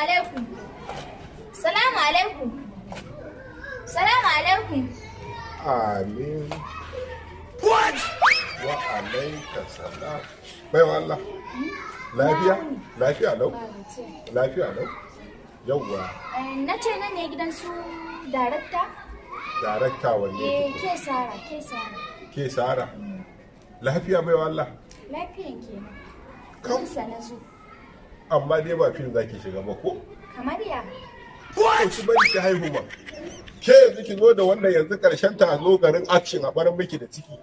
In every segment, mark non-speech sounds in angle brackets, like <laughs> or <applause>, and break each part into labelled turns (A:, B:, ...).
A: alaikum. Salamu alaikum. Salamu alaikum.
B: Amin. What? Wa alaika salam. Baiwa Allah. Lafiya? Lafiya lau? Lafiya lau? Yawwa.
A: Eh, na ce nan ne gidan su darakta?
B: Darakta wanne? Eh,
A: ke Sara, ke Sara.
B: Ke Sara? Lafiya baiwa Allah?
A: Lafiyan ke. Kansa na zo.
B: amma dai ba fim zaki shiga ba ko kamar ya ko ki bari ki haihu ba. ke yanzu ki zo da wannan yanzu karshen ta zo garin action a barin miki da ciki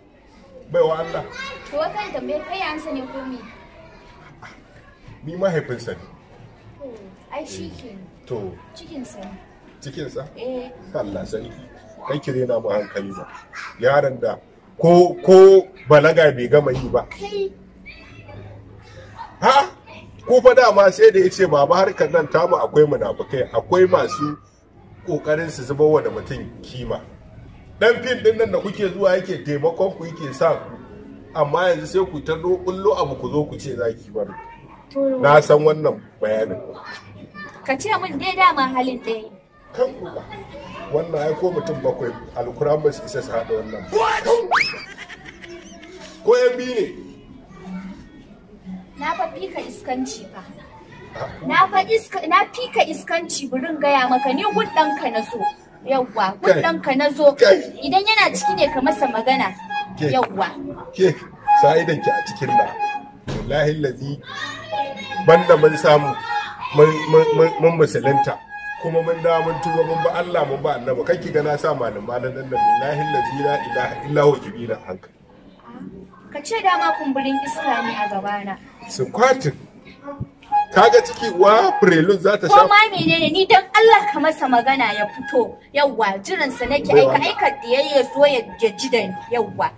B: baiwa Allah
A: to da tambayar kai an sani ko me
B: ni mahaifinsa
A: ne ai shi eh, ke to cikinsa cikinsa eh
B: Allah sani, kai ki rena mu hankali ba yaron da ko ko balaga bai gama yi ba ha ko fa dama sai da ya ce baba harkar nan tamu akwai munafukai akwai masu kokarin su zubar wa da mutum kima dan fim din nan da kuke zuwa yake taimakon ku yake sa ku amma yanzu sai ku ta kullo abu ku zo ku ce zaki bar
A: na san wannan bayanin ka ce min dai dama halin ɗaya kan kuka
B: wannan ai ko mutum bakwai alkuran ba su isa su hada wannan ko yan biyu ne
A: Na fa fika iskanci fa. Na fa iska na fika iskanci burin gaya maka ni gudanka na zo. Yawwa, gudanka na zo. Idan yana ciki ne ka masa magana. Yawwa.
B: Ke, idan ki a cikin na. Wallahi lazi banda mun samu mun musulunta. kuma mun da mun tuba mun ba Allah mun ba annabi kake ga na sa malaman nan nan billahi allazi la ilaha illa huwa kibira hankali
A: ka ce dama kumburin iska ne a gabana
B: squatting kaga ciki wa prelude za ta sha ko ma
A: menene ni dan Allah ka masa magana ya fito yawwa jiransa nake aika aika da yayye so ya ji da ni yawwa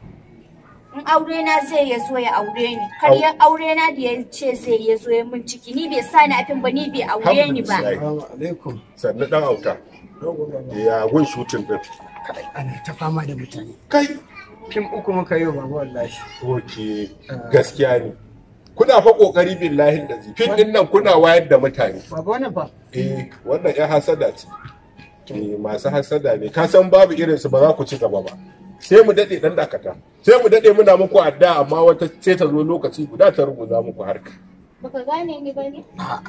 A: in aure na zai ya zo ya aure ni kar ya aure na da ya ce zai ya zo ya min ciki ni bai sa ni afin ba ni bai aure ni ba
B: sannu dan auta ya gun shooting din
C: ana ta fama da mutane kai fim uku muka yi babu wallahi ok
B: ah. gaskiya ne kuna fa kokari billahi da fim din nan kuna wayar da mutane baba wannan ba eh wannan ya hasada ce eh, masu hasada ne ka san babu irin su ba za ku ci gaba ba sai mu dade dan dakata sai mu dade muna muku adda amma wata sai ta zo lokaci guda ta rubuta muku harka
A: baka gane ni ba ne a'a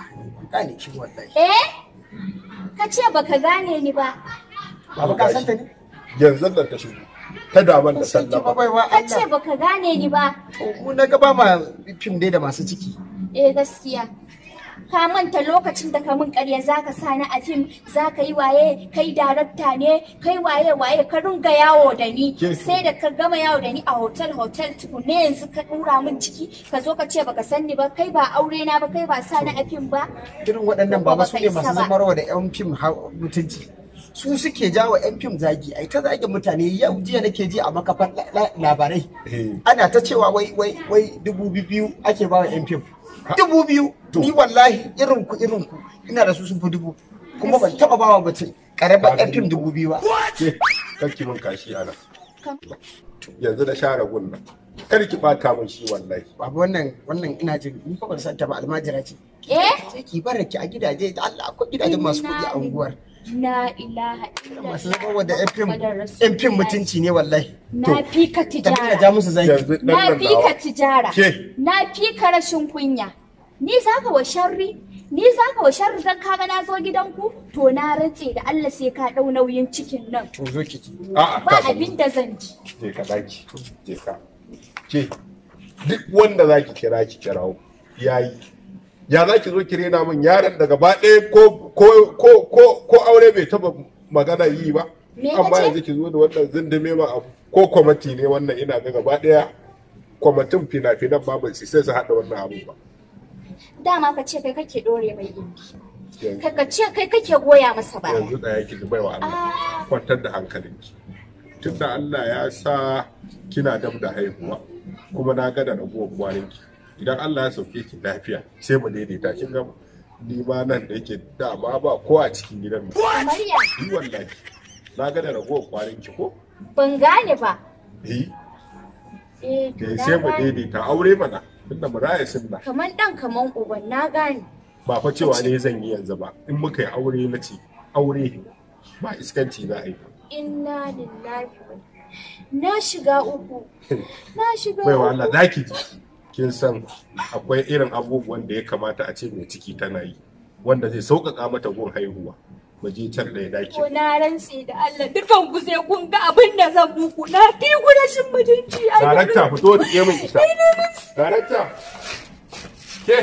A: gane ki wallahi eh ka ce baka gane ni ba baba ka san
B: ta
C: ne yanzu nan ta shigo kada ban da sallama
A: ka ce ka gane ni ba ku
C: na gaba ma fim dai da masu ciki
A: eh gaskiya ka manta lokacin da ka mun karya zaka sa ni a fim ka yi waye kai darakta ne kai waye waye ka runga yawo da ni sai da ka gama yawo da ni a hotel hotel tukune yanzu ka dura min ciki ka zo ka ce baka san ni ba kai ba aure na ba kai ba sani a fim ba
C: irin waɗannan ba su ne masu zamarwa da yan fim mutunci su suke jawo yan fim zagi ai ta zagin mutane yau jiya nake ji a makafan labarai eh. ana ta cewa wai wai wai dubu biyu ake bawa yan fim dubu biyu ni wallahi irin ku irin ku ina da su sun fi dubu kuma ban taba bawa mace karaban yan fim dubu biyu ba eh. kanki mun kashi ana yanzu da share gunna kar ki bata min shi wallahi babu wannan wannan ina jin ni fa ban san ta ba almajira ce eh sai ki baraki a gidaje da Allah akwai gidajen masu kuɗi a unguwar
A: la ilaha illallah masu zama
C: wanda yan fim mutunci ne wallahi na fi ka tijara na fika tijara
A: na fika rashin kunya ni zaka ka wa sharri ni zaka ka wa sharri zan kaga na zo gidanku to na rantse da Allah sai ka dau nauyin cikin nan to
B: zo ki ba abin da zan ji je ka daki je ka ke duk wanda zaki kira ki kirawo yayi ya za ki zo ki rena min yaron da gaba ɗaya ko aure bai taba magana yi ba amma yanzu ki zo da wannan zindime ma abu ko kwamati ne wannan ina ga gaba ɗaya kwamatin fina-finan ba bai sai su haɗa wannan abu ba
A: dama ka ce kai kake ɗore mai gindi ka ce kai kake goya masa ba yanzu
B: da ki bai wa Allah ah. kwantar da hankalinki tunda Allah ya sa kina dab da haihuwa kuma na ga da ragowar ki. idan Allah ya sauke ki lafiya sai mu daidaita kin gama ni ma nan da yake dama ba ko a cikin gidan mu ni wallahi na ga da ragowar kwarin ki ko
A: ban gane ba eh eh sai mu daidaita
B: aure mana tunda mu raya sunna
A: kaman dan kaman uban na gane
B: ba fa cewa ne zan yi yanzu ba in muka yi aure na ce aure ba iskanci za a yi
A: inna lillahi na shiga uku <laughs> na shiga uku baiwa wallahi zaki
B: ji kin san akwai irin abubuwan da ya kamata a ce mai ciki tana yi wanda zai sauƙaƙa mata gun haihuwa mu je tar da ya Ko
A: Na rantsi da Allah dukan ku sai kun ga abin da zan buku na fi ku rashin mutunci. Darakta
B: fito da ke min isa. Darakta. Ke.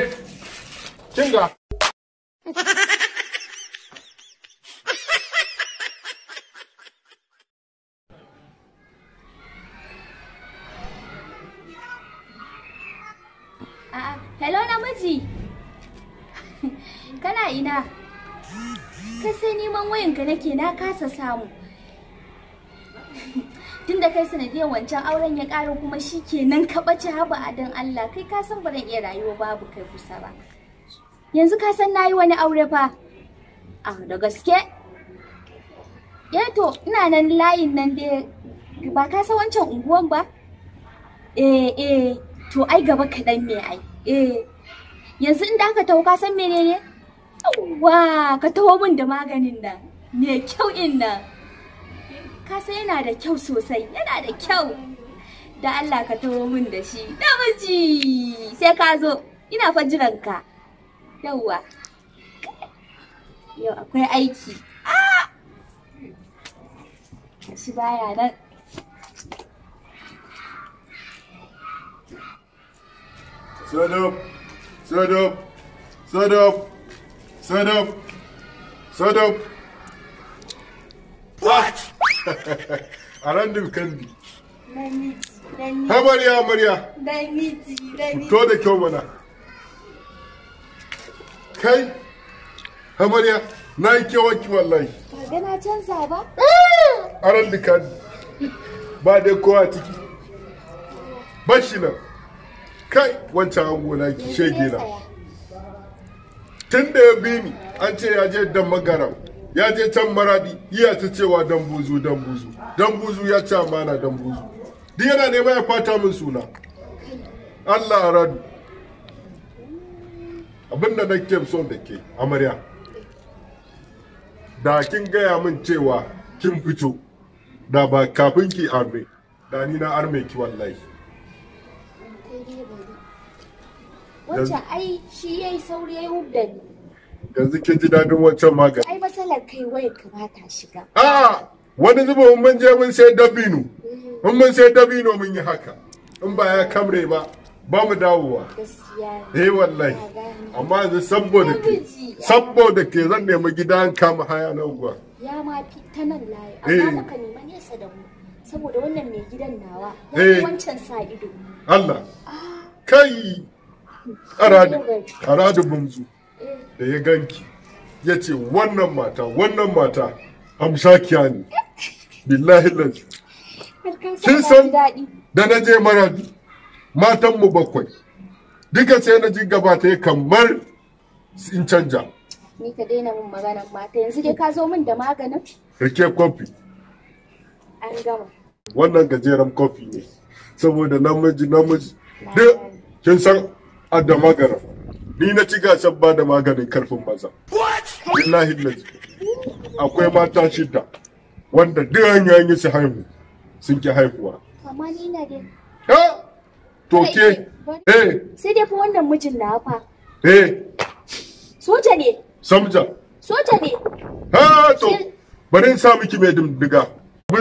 A: Kinga. <laughs> hello namiji <laughs> kana ina kai sai neman wayanka nake na kasa samu <laughs> tun da kai sanadiyar wancan auren ya ƙara kuma shi kenan ka ɓace haba a don Allah kai ka san ba iya rayuwa babu kai kusa ba yanzu ka san nayi wani aure fa a da gaske eh to ina nan layin nan dai ba ka san wancan unguwan ba eh eh to ai gaba kaɗan me ai eh yanzu inda aka tau ka san menene yawwa ka taho min da maganin nan me kyau in nan ka yana da kyau sosai yana da kyau da Allah ka taho min da shi da miji sai ka zo ina fa jiran ka yawwa yau akwai aiki a ah! shi baya nan
B: Set up. Set up. Set up. Set up. Set up. What? <laughs> Arandım kandi.
A: Ben miti. Ben miti. Ha Maria Maria. Ben miti. Ben miti. Fito da
B: kyau mana. Kai. Ha Maria. Na yi kewanki wallahi.
A: Ba na canza ba.
B: Aran da kandi. Ba dai kai wancan an gona ki shege na tun da ya bi ni an ce ya je dan magaram ya je can maradi iya ta cewa dan buzu dan buzu dan buzu ya ce amana dan buzu duk yana nema ya fata min suna Allah radu abinda na ke son da ke amarya da kin gaya min cewa kin fito da ba kafin ki arme da ni na arme ki wallahi
A: wacce ai shi yayi sauri yayi hudda
B: yanzu ke ji dadin wancan magani ai
A: matsalar kai waye ka ba ta shiga a'a
B: wani zuba mun je mun sai dabino mun mm. mun sai dabino mun yi haka in ba ya kamre ba ba mu dawowa eh wallahi amma yanzu saboda ke
A: saboda
B: ke zan nemi gidan kama haya na uwa
A: ya ma fi ta nan layi amma muka eh. nema nesa da mu saboda wannan mai gidan nawa ya eh. wancan sa ido
B: Allah ah. kai aradu bunzu da ya ganki ya ce wannan mata wannan mata amshakiya ne billahi lalci kin san da na je matan matanmu bakwai duka sai na ji gaba ta kamar in canja
A: ni ka daina mun magana mata yanzu dai ka zo min da maganin
B: rike kofi an gama wannan gajeren kofi ne saboda namiji namiji duk kin san a da magana ni na ci gasar ba da maganin karfin maza billahi lazi akwai mata shida wanda duk an yi su haihu sun ki haihuwa
A: amma ni na dai ha to ke eh sai dai fa wannan mijin na fa eh soja ne samja soja ne
B: ha to bari in sa miki mai dindiga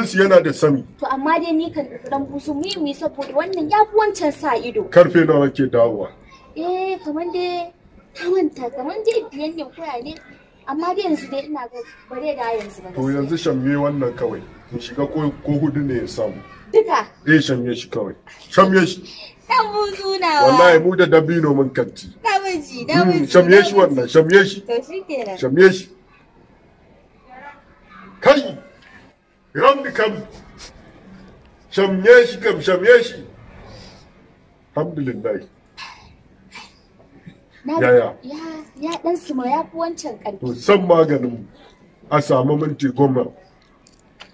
B: su yana da sami.
A: To amma dai ni kan dan busu mu saboda wannan ya wancan sa ido. Karfe
B: nawa ke dawowa?
A: eh kamar dai ta manta kamar dai biyan ne koya ne amma dai yanzu dai ina ga bare da yanzu ba to
B: yanzu shamme wannan kawai in shiga ko hudu ne ya samu duka zai eh, shanye shi kawai shanye shi
A: dan buzu na wallahi
B: mu da dabino mun kanti
A: damuji damuji mm, shanye shi
B: wannan shanye shi
A: to shikenan
B: shanye shi kai ran kam shanye shi kam shanye shi alhamdulillah
A: yaya ya dan su ma ya fi wancan karfi
B: san maganin a samu minti goma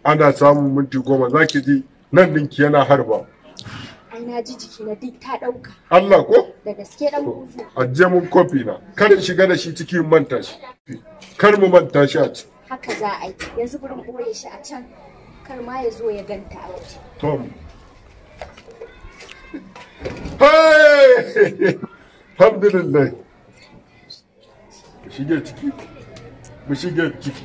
B: ana samun minti goma za ki ji nan ɗinki yana harba
A: ai na ji jiki na duk ta ɗauka
B: Allah ko
A: da gaske dan kuzu
B: ajiye mun kofi na kar shiga da shi cikin manta shi kar mu manta shi a ci
A: haka za a yi yanzu burin boye shi a can kar ma ya zo ya ganta a waje
B: tom Hey! <laughs> alhamdulillah shige ciki mu shige ciki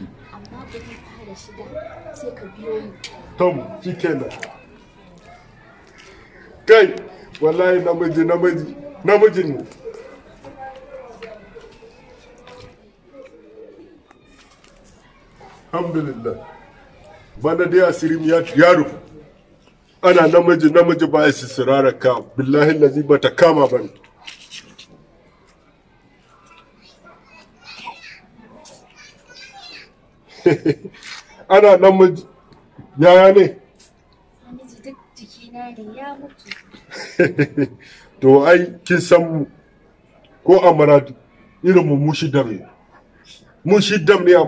B: tom shi kenan kai wallahi namiji namiji namiji ne alhamdulillah bana dai asirin ya ana namiji namiji ba ya sisirara ka billahi lazi bata kama bane <laughs> ana nan miji yaya ne
A: miji duk jikina ne ya mutu
B: <laughs> to ai kin san mu ko a irin mu mushi shidam ne mun shi dam ne a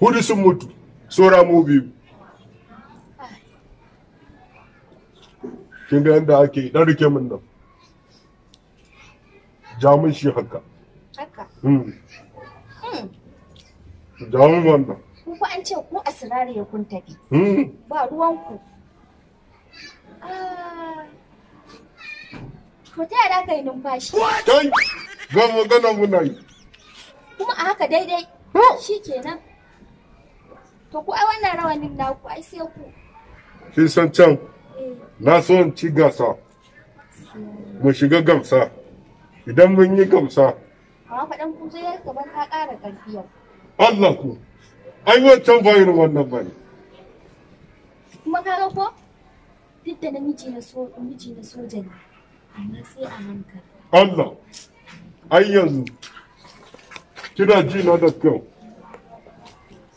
B: hudu sun mutu sora mu biyu kin ga yadda ake dan rike min nan ja mun shi haka haka hmm. su dawo wannan
A: ku an ce ku asirare ya kun tafi hmm. ba ruwanku ah. to ta yada ka yi numfashi kai
B: ga magana muna yi
A: kuma a haka daidai shi kenan to ku ai wannan rawanin ku ai sai ku
B: kin san can eh. na so in ci gasa mu shiga gamsa idan mun yi gamsa
A: amma faɗan ku zai ka ban ka ƙara ƙarfi yau
B: Allah ko ai can ba irin wannan ne.
A: kuma ga ko duk da namiji na so namiji na so jani amma sai a hankali
B: Allah ai yanzu kina ji na da kyau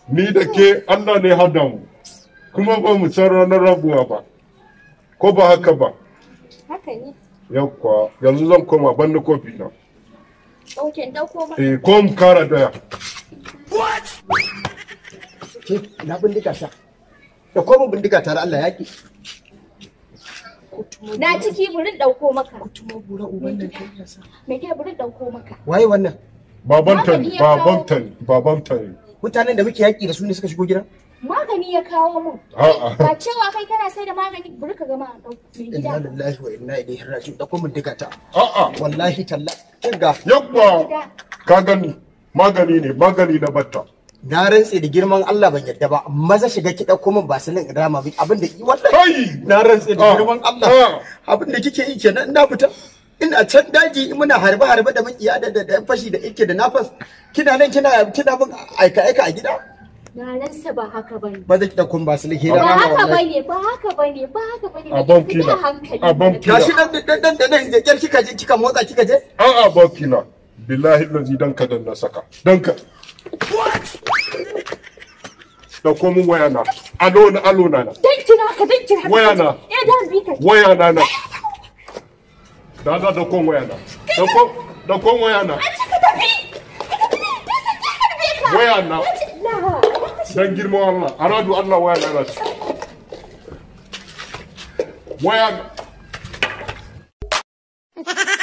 B: ni da ke Allah ne hada mu kuma ba mu san ranar rabuwa ba ko ba haka ba haka ne yanzu zan koma ban kofi na
A: Okay, dauko ba. Eh,
B: ko mu kara
C: daya. What? Ke, na bindiga ta. Da komin bindiga ta da Allah yaƙi.
A: Na ciki burin ɗauko maka. Kutuma bura uban nan ke yasa. Me ke burin ɗauko maka?
C: Waye wannan? Baban tani, baban tani, baban tani. Mutanen da muke yaki da su ne suka shigo gidan?
A: magani ya kawo mun. Ba cewa kai kana sai da magani buri ka gama mai gida. Inna
C: lillahi wa inna ilaihi raji'un da kuma diga ta. A'a. Wallahi talla. Kinga. Yabba. Ka gani. magani ne magani na batta na rantse da girman Allah ban yarda ba maza shiga ki kuma ba basilin in rama min abinda ki wallahi na rantse da girman Allah abinda kike yi kenan ina fita ina can daji muna harbe harbe da makiya da da fashi da yake da nafas kina nan kina kina bin aika aika a gida
A: na rantse ba haka bane
C: ba zaki kun ba basilin ki rama ba haka bane
A: ba haka bane ba haka bane a bankina a bankina shi nan dan dan
B: dan da kika je kika motsa kika je a a bankina بالله الذي دنك دنا سكا دنك تقوم ويانا الون الون انا
A: دنتنا كدنت ويانا يا دار بيتك
B: ويانا انا دا دا تقوم ويانا تقوم تقوم ويانا
C: انت